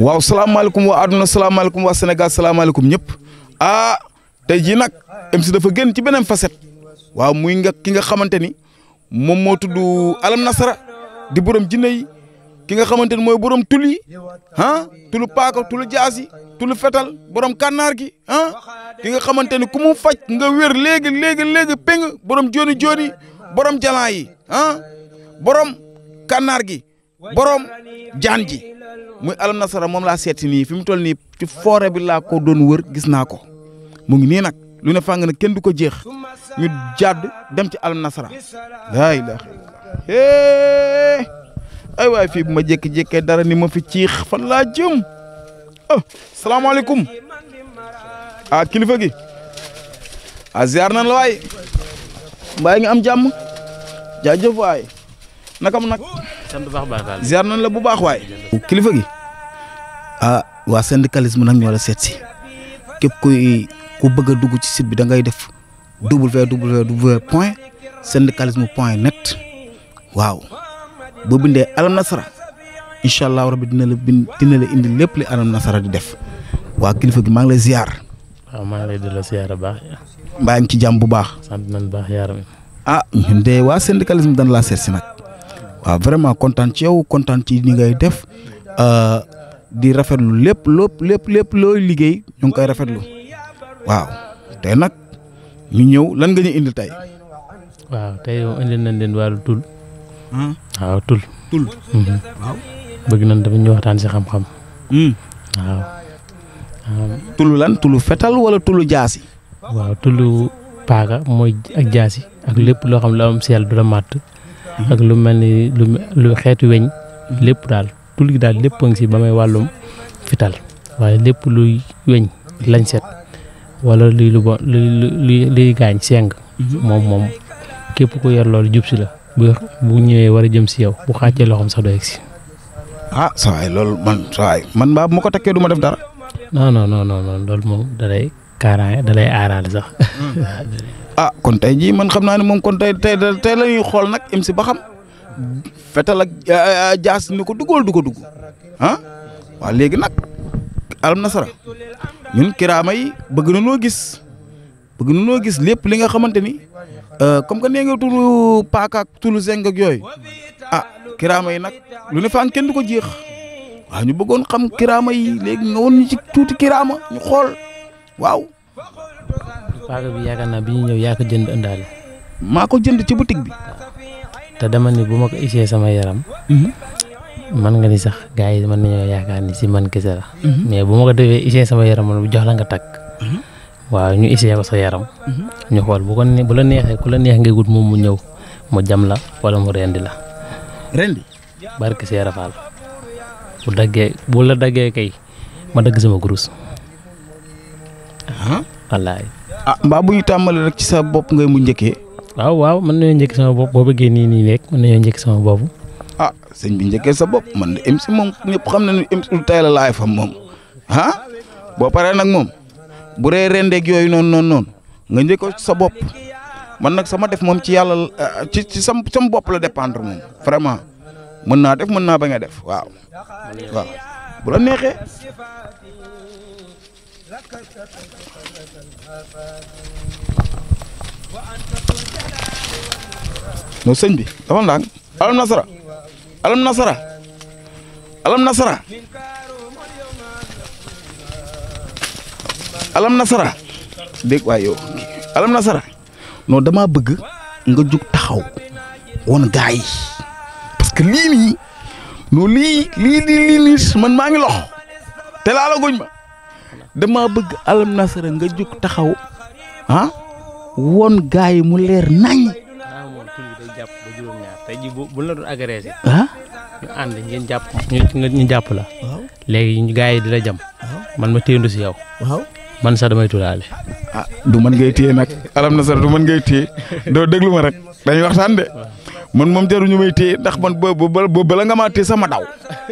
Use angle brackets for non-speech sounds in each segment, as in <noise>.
waaw salaamaaleykum waa àdduna salaamaaleykum waa Sénégal salaamaaleykum ñëpp ah tey jii nag MC dafa génn ci beneen facette waaw muy nga ki nga xamante ni moom moo tudd alam nasara di borom jinne yi ki nga xamante ni mooy borom tul yi ah, paaka tul jaas yi tulu fetal borom kànnaar gi ah ki nga xamante ni ku mu faj nga wér léegi léegi léegi péng borom jooni jooni borom jalan yi ah. borom kànnaar gi. borom jaan ji muy alam nasara moom laa seeti nii fi mu toll nii ci foore bi laa ko doon wër gis naa ko mu ngi nii nag lu ne fàng kenn du ko jeex ñu jàdd dem ci alam nasara laa ilaaha illallaah ay waay fii ma jékki-jékkee dara ni ma fi ciix fan laa jëm ah salaamaaleykum ah kilifa gi ah ziar nan la waay mbaa ngi am jàmm jaajëf waay naka mu nag. sant bu baax Baye Fall ziar nañ la bu baax waay. kilifa gi ah, waa syndicalisme nag ñoo la seet si képp kuy ku bëgg a dugg ci site bi da ngay def www point syndicalisme point net waaw boo bindee alam nasara incha allah rabi dina la bind dina lépp li alam nasara di def waa kilifa gi maa ngi lay ziar. waaw ngi ci jàmm bu baax. sant nañ ah, waa syndicalisme dañ laa seet si nag. waaw ah, vraiment kontaan ci yow kontaan ci ni ngay def ah, di rafetlu lépp lépp lépp lépp looy liggéey ñu ngi koy rafetlu waaw te nag ñu ñëw lan nga ñu indi tey. waaw te yow indi nañ leen wàllu tul. Hmm? waaw tul. tul mhm. bëgg nañ dafa ñu waxtaan si xam-xam. Hmm. waaw. tulu lan tulu fetal wala tulu jaasi. waaw tulu paaka mooy ak jaasi ak lépp loo xam ne la am seel du la màtt. ak lu mel ni lu xeetu weñ lépp daal tul gi daal lépp a ngi si ba may wàllum fital waaye lépp luy weñ lañ set wala luy lu bon luy luy gaañ seng mhm. moom moom képp ku yor loolu jub si la bu ñëwee war a jëm si yow bu xàccee loxoom sax doy si. ah saa waay loolu man saa waay man mbaa bu ma ko tekkee du ma def dara. non non non non loolu moom <laughs> a ah, kon tey jii man xam naa ne moom kon tey tey tey la ñuy xool nag MC ba xam fetal ak ah, ah, jaas ni ko duggool du ko dugg waaw léegi nag alam nasara ñun kiraama yi bëgg na noo gis bëgg na noo gis lépp li nga xamante ni euh, comme que nee nga tulu paaka ak tulu ak yooyu ah yi nag lu ne faan kenn du ko jeex waaw ñu bëggoon xam kiraama yi léegi nga woon ñu ci tuuti kiraama ñu xool waaw paaka bi yaakaar naa bi ñu ñëw yaa jënd ëndaale. maa ko jënd ci boutique bi. te dama ni bu ma ko isee sama yaram. man mhm. nga ni sax gars yi mën nañoo yaakaar ni si man kese la. Mhm. mais bu ma ko defee isee sama yaram man bu jox la mhm. waaw ñu isee ko sa yaram. ñu xool bu ko bu la neexee ku la neex ngay wut moom mu ñëw mu jam la wala mu rendi la. rendi. barke Seera Faal bu daggee bu la daggee kay ma dagg sama kurus. Ah. wallaay. ah mbaa bu ñu tàmbalee rek ci sa bopp ngay mu njëkkee. waaw waaw mën nañoo njëkk sama bopp boo bëggee nii nii rek mën nañoo njëkk sama bopp. ah sañ bi njëkkee sa bopp man de MC moom ñëpp xam nañu MC lu tay la laay fam moom ah boo paree nag moom bu ree rendeeg yooyu noonu noonu noonu nga njëkkoo ci sa bopp man nag sama def moom ci yàlla ah, ci ci sam sam bopp la dépendre moom vraiment mën naa def mën naa ba nga def waaw. waaw bu la neexee non sëñ bi dafa ndànk alam nasara alam nasara alam nasara alam nasara dégg waay yow alam nasara non damaa bëgg nga jóg taxaw woon gaa yi que lii nii non lii lii di lii nii man maa ngi lox te laala guñ ma dama bëgg alam nasara nga jóg taxaw ah woon gaa yi mu leer nañ. waaw moom tur bi day jàpp ba ah? ñu ànd jàpp ñu jàpp la. léegi gaa yi di la jam. man ma téendu si yow. man sax damay turaale. ah du mën ngay téye nag alam nasara du man ngay téye doo déglu ma rek dañuy waxtaan de. man moom jaruñu may téye ndax man ba ba bala nga maa téye sama daw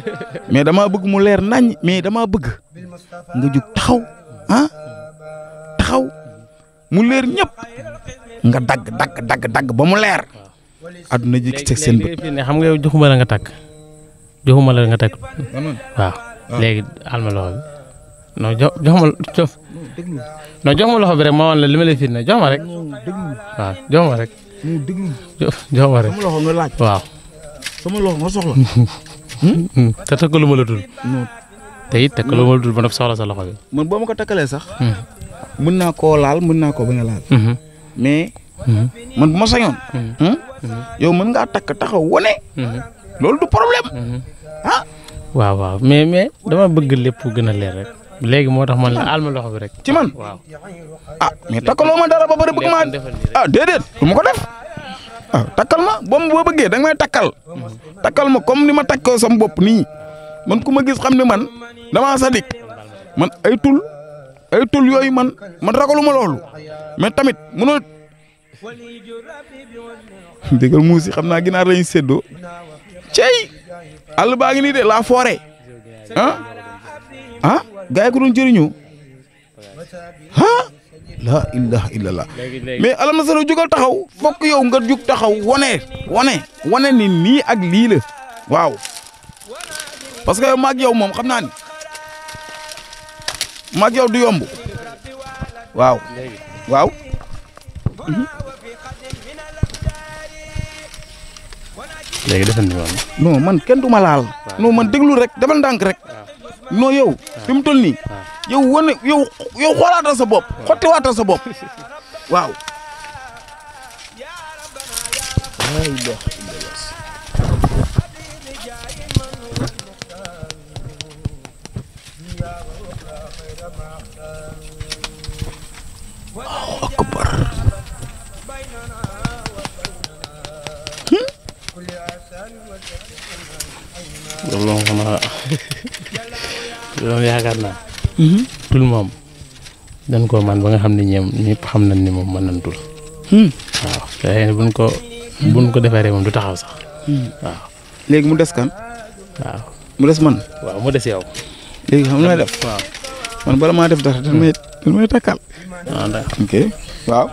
<laughs> mais dama bëgg mu leer nañ mais dama bëgg. nga jug taxaw ah, taxaw mu leer ñëpp nga dagg dagg dagg dagg ba mu leer. àdduna ji ci seen bët. xam nga yow nga takk joxuma la nga takk waaw ah. léegi ma loxo bi non jox ma jox non jox ma loxo bi rek ma wan la li ma lay jox ma rek waaw jox ma rek. jox ma rek waaw. sama loxo <laughs> te it takk loolu dul ba noppi soxla sa loxo bi. man boo ma ko takkalee sax. Hmm. mën naa laal mën na ko bañ a laal. Hmm. mais. Hmm. man bu ma sañoon. yow mën ngaa takk taxaw wane. loolu du ah. waaw waaw mais mais dama bëgg lépp gën a leer rek. léegi moo tax man la alma loxo bi rek. ci man waaw. ah mais takkaloo ma dara ba bëri bëgg maa ah déedéet du ma ko def. ah takkal ma boo ma boo bëggee da may takkal. takkal ma comme ni ma takkoo sam bopp nii man ku gis xam ne man. damaa sadik man ay tul ay tul yooyu man man ragaluma loolu mais tamit mënoo <laughs> déggal yi xam naa ginaar lañu séddoo cey àll baa ngi nii de la forêt ah ah gars yi ko doon jëriñoo ah la ilaha illallah mais na sara jógal taxaw fokk yow nga jug taxaw wone wane wane ni nii ak lii waaw parce que maag yow moom xam naa mag yow du yomb waaw waaw mhm. léegi defal ni woon non man kenn du ma laal man déglu rek defal ndànk rek noo yow fi mu toll nii yow wane yow yow xoolaatal sa bopp xottiwaatal sa bopp <laughs> waaw loolu moom xam naa <laughs> yaakaar naa. Mhm. tul moom dañ koo man ba nga xam ne ñoom ñëpp xam nañ ni moom mën nañ tul. Hmm. waaw te buñ ko buñ ko defaree moom du taxaw sax. Hmm. waaw léegi mu des kan. waaw mu des man. waaw mu des yow. léegi xam nga def waaw man bala maa def dara dañ may takkal. Ah, ok waaw.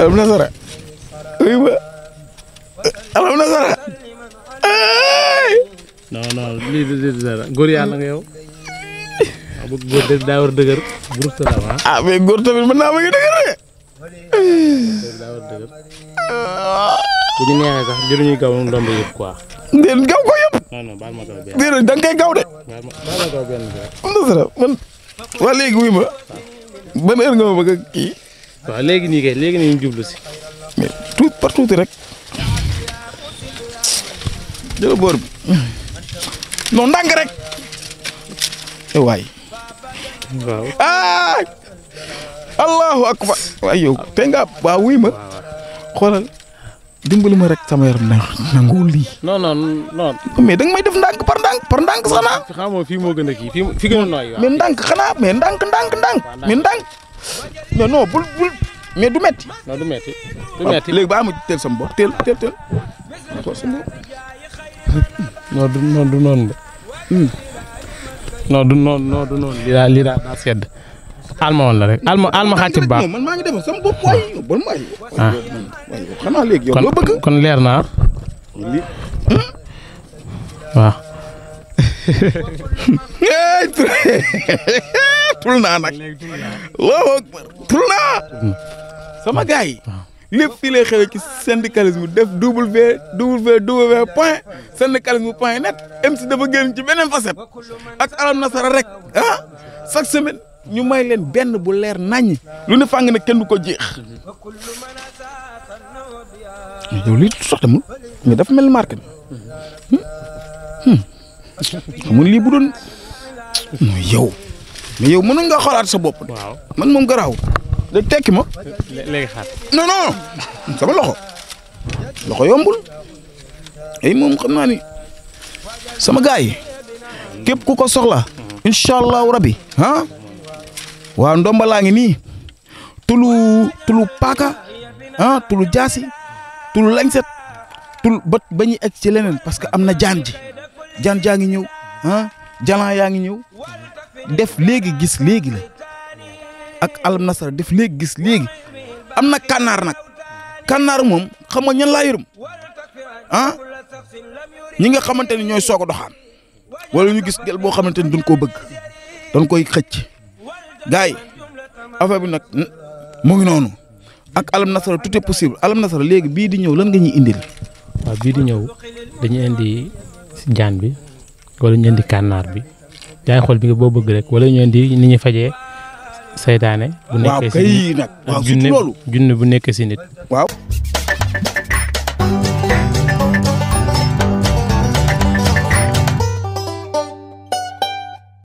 alam nasara uy ma alam nasara non non lii di dara góor yàlla nga yow waaw ah, bu góor daa war dëgër góor sa la waa ah. ah mais góor tamit mën naa bëgg dëgër de daa war dëgër bu ñu neexee sax jëruñuy gaw ndomb yëpp quoi déet gaw ko yëpp non non baal ma gaw benn déet da nga koy gaw de baal ma gaw benn bi rek am na sara man waa léegi wuy ma ban heure nga ma bëgg kii waaw léegi nii kay léegi nii ñu jublu si. tuut par tuuti rek jël boor bi non rek eh, waay. waaw ah allahu akbar waay yow te nga waaw wuy ma xoolal dimbali ma rek sama yaram na nanguwul lii. non non non. mais danga may def ndànk par ndànk par ndànk sax naa. xam nga fii moo gën a kii fii fi gën a nooy. waaw mais ndànk ndànk ndànk ndànk mais non non bul du metti non du metti du ba ma teel sama bopp teel teel teel du non de non du noonu hmm. non du noonu sedd alma woon rek alma alma xàcc bu baax man maa ngi dem sama bopp waay ah. kon leer naa waaw <laughs> <laughs> tul naa nag waaw tul naa sama gars yi lépp fii lay xewee ci syndicalisme def www point syndicalisme point net MC dafa génn ci beneen facette ak alam nasara rek ah chaque semaine ñu may leen benn bu leer naññ lu ne fàng ne kenn du ko jeex yow lii sax demul mais dafa mel ni marque ni hmm? xamul hmm. lii bu doon non yow mais yow mënul nga xoolaat sa bopp. waaw man moom garaw da tekki ma. léegi sama loxo loxo yombul ay moom xam naa ni sama gars yi képp ku ko soxla. incha allahu rabi ah? waaw ndomba laa ngi nii tulu tulu paaka ah tulu jaasi tulu lañset tul bët ba ñuy egg ci leneen parce que am na jaan ji jaan jaa ngi ñëw ah? jalan yaa ngi ñëw def léegi gis léegi la ak alam nasara def léegi gis léegi am na kànnaar nag kànnaar moom xam nga ñan laa yërëm ah ñi nga xamante ni ñooy soog a doxaan wala ñu gis gel boo xamante ni duñ koo bëgg dañ koy xëcc gars yi affaire bi nag mu ngi noonu ak alam nasara tout est possible alam nasara léegi bii di ñëw lan nga ñuy indil. waaw bii di ñëw dañuy indi jaan bi. wala ñu indi kànnaar bi yaa ngi xool bi nga boo bëgg rek wala ñu indi ni ñu fajee seytaane bu nekkee si nit junne bu nekkee si nit